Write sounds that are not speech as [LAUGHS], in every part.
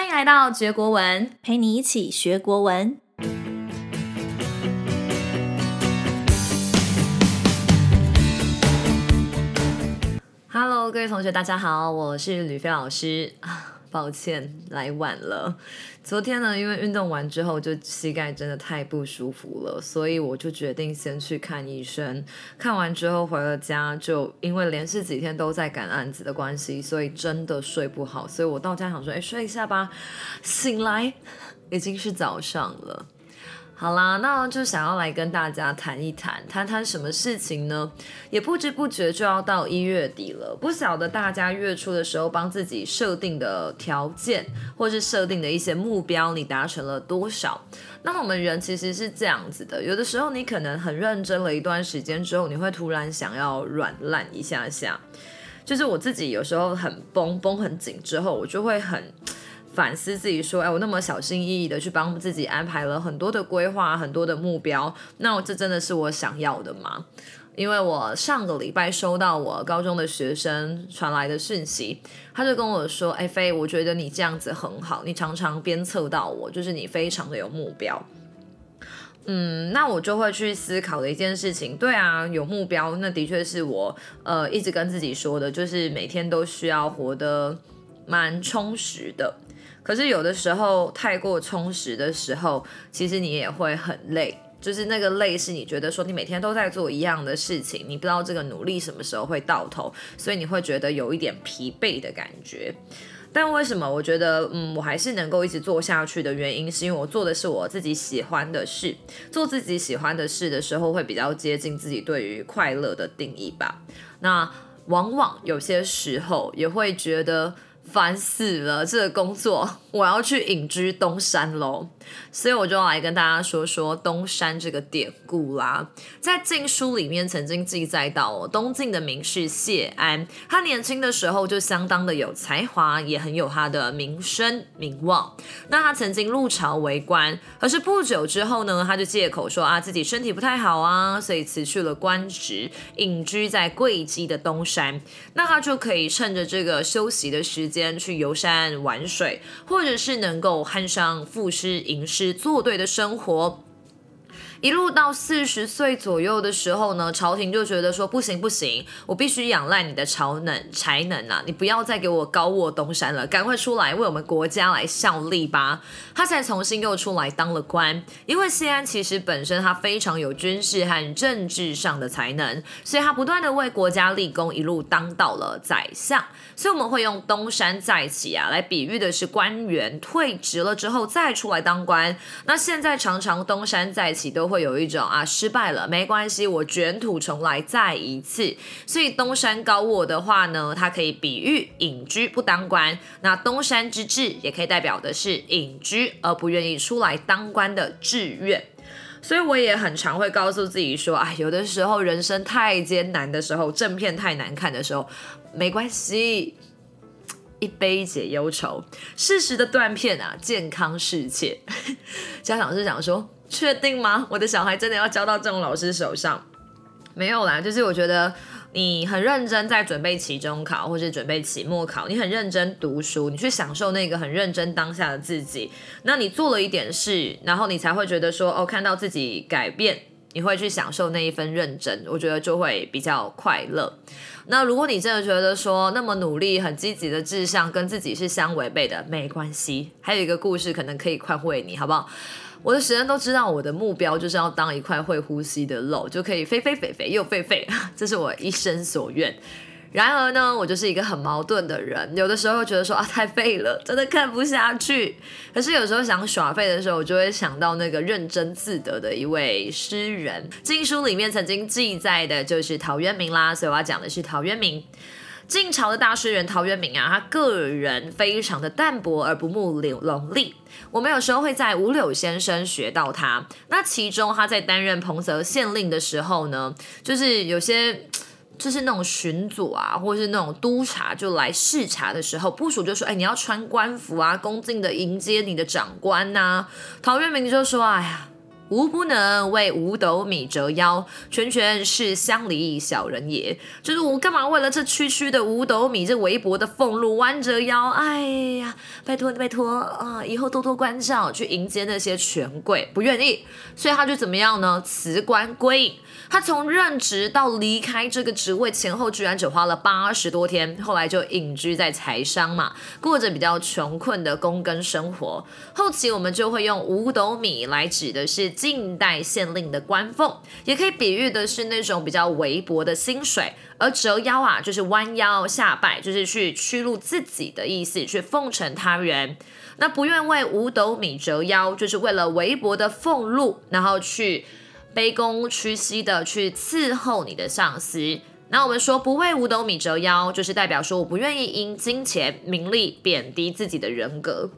歡迎來到絕國文，陪你一起學國文。Hello，各位同學，大家好，我是呂飛老師。抱歉來晚了。昨天呢，因為運動完之後就膝蓋真的太不舒服了，所以我就決定先去看醫生。看完之後回了家，就因為連續幾天都在趕案子的關係，所以真的睡不好。所以我到家想說，哎、欸，睡一下吧。醒來已經是早上了。好啦，那就想要來跟大家談一談，談談什麼事情呢？也不知不覺就要到一月底了，不曉得大家月初的時候幫自己設定的條件，或是設定的一些目標，你達成了多少？那麼我們人其實是這樣子的，有的時候你可能很認真了一段時間之後，你會突然想要軟爛一下下。就是我自己有時候很繃繃很緊之後，我就會很。反思自己說：“哎、欸，我那麼小心翼翼的去幫自己安排了很多的規劃，很多的目標，那我這真的是我想要的嗎？因為我上個禮拜收到我高中的學生傳來的訊息，他就跟我說：‘哎、欸，緋，我覺得你這樣子很好，你常常鞭策到我，就是你非常的有目標。’嗯，那我就會去思考的一件事情，對啊，有目標，那的確是我呃一直跟自己說的，就是每天都需要活得……蠻充實的，可是有的時候太過充實的時候，其實你也會很累。就是那個累是你覺得說你每天都在做一樣的事情，你不知道這個努力什麼時候會到頭，所以你會覺得有一點疲憊的感覺。但為什麼我覺得嗯，我還是能夠一直做下去的原因，是因為我做的是我自己喜歡的事。做自己喜歡的事的時候，會比較接近自己對於快樂的定義吧。那往往有些時候也會覺得。煩死了，這個工作我要去隱居東山嘍。所以我就來跟大家說說東山這個典故啦。在《晉書》裡面曾經記載到，東晉的名士謝安，他年輕的時候就相當的有才華，也很有他的名聲名望。那他曾經入朝為官，可是不久之後呢，他就借口說啊，自己身體不太好啊，所以辭去了官職，隱居在會稽的東山。那他就可以趁着這個休息的時，間去遊山玩水，或者是能夠酣觴賦詩、吟詩、作對的生活。一路到四十歲左右的時候呢，朝廷就覺得說不行不行，我必須仰賴你的朝能才能啊，你不要再給我高臥東山了，趕快出來為我們國家來效力吧。他才重新又出來當了官，因為謝安其實本身他非常有軍事和政治上的才能，所以他不斷的為國家立功，一路當到了宰相。所以我們會用東山再起啊來比喻的是官員退職了之後再出來當官。那現在常常東山再起都。會有一種啊，失敗了沒關係，我卷土重來再一次。所以東山高臥的話呢，它可以比喻隱居不當官。那東山之志也可以代表的是隱居而不願意出來當官的志願。所以我也很常會告訴自己說啊、哎，有的時候人生太艱難的時候，正片太難看的時候，沒關係，一杯解憂愁。適時的斷片啊，健康世界。 [LAUGHS] 家長是想說。確定嗎？我的小孩真的要交到這種老師手上？沒有啦，就是我覺得你很認真在準備期中考或是準備期末考，你很認真讀書，你去享受那個很認真當下的自己。那你做了一點事，然後你才會覺得說，哦，看到自己改變。你會去享受那一份認真，我覺得就會比較快樂。那如果你真的覺得說那麼努力、很積極的志向跟自己是相違背的，沒關係。還有一個故事可能可以寬慰你，好不好？我的學生都知道，我的目標就是要當一塊會呼吸的肉，就可以緋緋肥肥又廢廢，這是我一生所願。然而呢，我就是一個很矛盾的人，有的時候覺得說啊太廢了，真的看不下去；可是有時候想耍廢的時候，我就會想到那個認真自得的一位詩人。經書裡面曾經記載的就是陶淵明啦，所以我要講的是陶淵明。晉朝的大詩人陶淵明啊，他個人非常的淡泊而不慕流榮利。我們有時候會在五柳先生學到他。那其中他在擔任彭澤縣令的時候呢，就是有些。就是那種巡佐啊，或者是那種督察，就來視察的時候，部屬就說：“哎，你要穿官服啊，恭敬的迎接你的長官呐、啊。”陶淵明就說：“哎呀。”吾不能為五斗米折腰，拳拳是鄉里小人也。就是我幹嘛為了這區區的五斗米，這微薄的俸祿彎折腰？哎呀，拜託拜託啊！以後多多關照，去迎接那些權貴。不願意，所以他就怎麼樣呢？辭官歸隱。他從任職到離開這個職位前後，居然只花了八十多天。後來就隱居在柴桑嘛，過着比較窮困的躬耕生活。後期我們就會用五斗米來指的是，近代縣令的官俸，也可以比喻的是那種比較微薄的薪水。而折腰啊，就是彎腰下拜，就是去屈辱自己的意思，去奉承他人。那不願為五斗米折腰，就是為了微薄的俸祿，然後去卑躬屈膝的去伺候你的上司。那我們說不為五斗米折腰，就是代表說我不願意因金錢名利貶低自己的人格。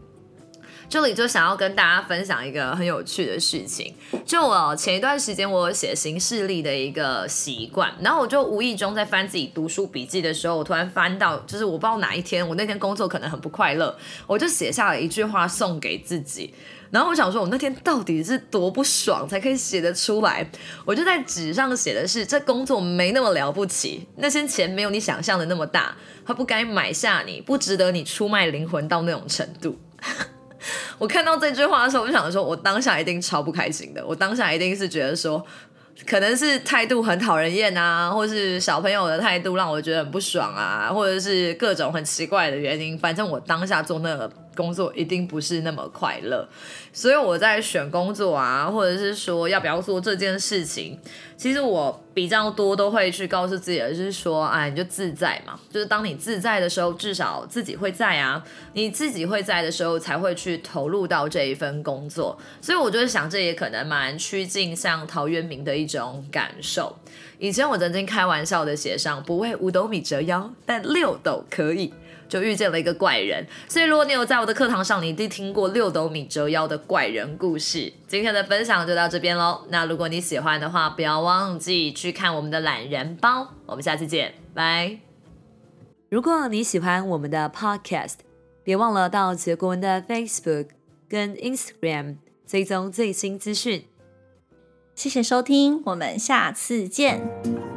這裡就想要跟大家分享一個很有趣的事情，就我前一段時間我有寫行事曆的一個習慣，然後我就無意中在翻自己讀書筆記的時候，我突然翻到，就是我不知道哪一天，我那天工作可能很不快樂，我就寫下了一句話送給自己，然後我想說，我那天到底是多不爽才可以寫得出來，我就在紙上寫的是：這工作沒那麼了不起，那些錢沒有你想象的那麼大，他不該買下你，不值得你出賣靈魂到那種程度。我看到這句話的時候，我就想說，我當下一定超不開心的。我當下一定是覺得說，可能是態度很討人厭啊，或是小朋友的態度讓我覺得很不爽啊，或者是各種很奇怪的原因。反正我當下做那個。工作一定不是那麼快樂，所以我在選工作啊，或者是說要不要做這件事情，其實我比較多都會去告訴自己的，就是說，哎、啊，你就自在嘛。就是當你自在的時候，至少自己會在啊，你自己會在的時候，才會去投入到這一份工作。所以，我就是想，這也可能蠻趨近像陶淵明的一種感受。以前我曾經開玩笑的寫上“不為五斗米折腰”，但六斗可以。就遇見了一個怪人，所以如果你有在我的課堂上，你一定聽過六斗米折腰的怪人故事。今天的分享就到這邊嘍。那如果你喜歡的話，不要忘記去看我們的懶人包。我們下次見，拜。如果你喜歡我們的 podcast，別忘了到杰國文的 Facebook 跟 Instagram 追蹤最新資訊。謝謝收聽，我們下次見。